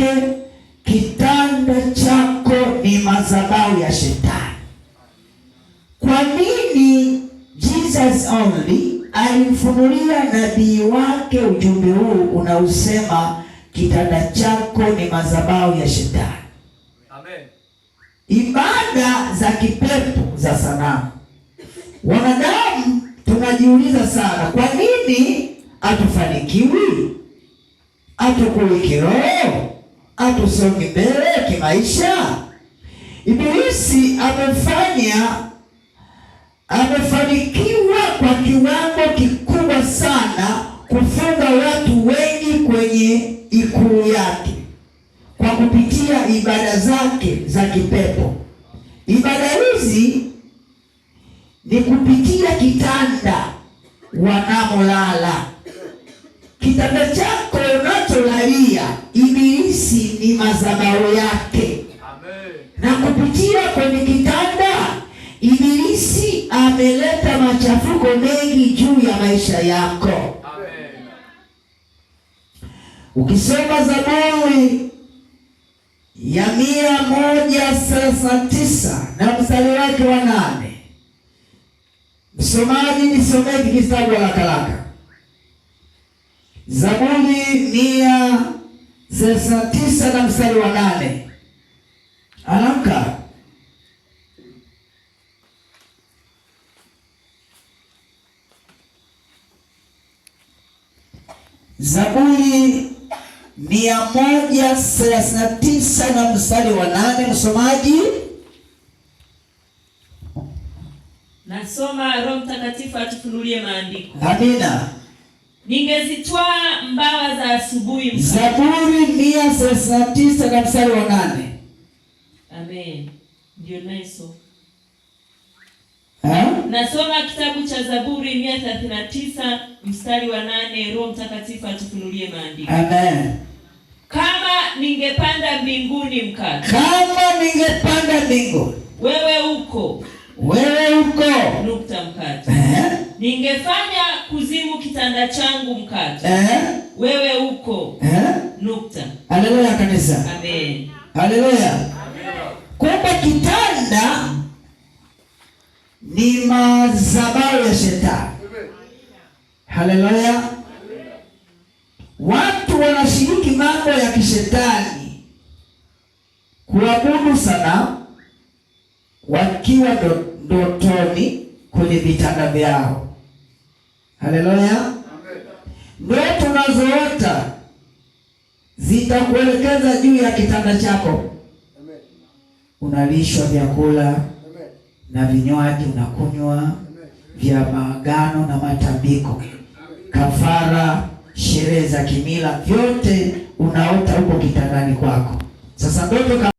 yake, kitanda chako ni madhabahu ya Shetani. Kwa nini Jesus only alimfunulia nabii wake ujumbe huu unausema kitanda chako ni madhabahu ya Shetani? Amen. Ibada za kipepo za sanamu, wanadamu tunajiuliza sana, kwa nini hatufanikiwi, hatukuwi kiroho atusonge mbele kimaisha. Ibilisi amefanya amefanikiwa kwa kiwango kikubwa sana kufunga watu wengi kwenye ikulu yake kwa kupitia ibada zake za kipepo. Ibada hizi ni kupitia kitanda wanamolala yake Amen. Na kupitia kwenye kitanda Ibilisi ameleta machafuko mengi juu ya maisha yako Amen. Ukisoma Zaburi ya mia moja thelathini tisa na mstari wake wa nane msomaji nisomee kitabu haraka haraka. Zaburi mia thelathini na tisa na mstari wa nane Anamka Zaburi mia moja thelathini na tisa na mstari wa nane msomaji. Nasoma, Roho Mtakatifu atufunulie maandiko. Amina. Ningezitwaa asubuhi. Zaburi mia thelathini na tisa na mstari wa nane. Amen. Ndio naiso. Nasoma kitabu cha Zaburi mia thelathini na tisa mstari wa nane. Roho Mtakatifu atufunulie maandiko. Amen. Kama ningepanda mbinguni mkaka, kama ningepanda mbinguni, wewe uko, wewe uko, nukta mkata, ningefanya kitanda changu mkato, eh? Wewe uko eh? Nukta. Haleluya kanisa. Amen. Haleluya. Kumbe kitanda ni madhabahu ya shetani. Haleluya. Watu wanashiriki mambo ya kishetani, kuabudu sanamu wakiwa dotoni kwenye vitanda vyao. Haleluya, ndoto unazoota zitakuelekeza juu ya kitanda chako. Amen. Unalishwa vyakula na vinywaji unakunywa vya maagano na matambiko kafara, sherehe za kimila, vyote unaota huko kitandani kwako. Sasa ndoto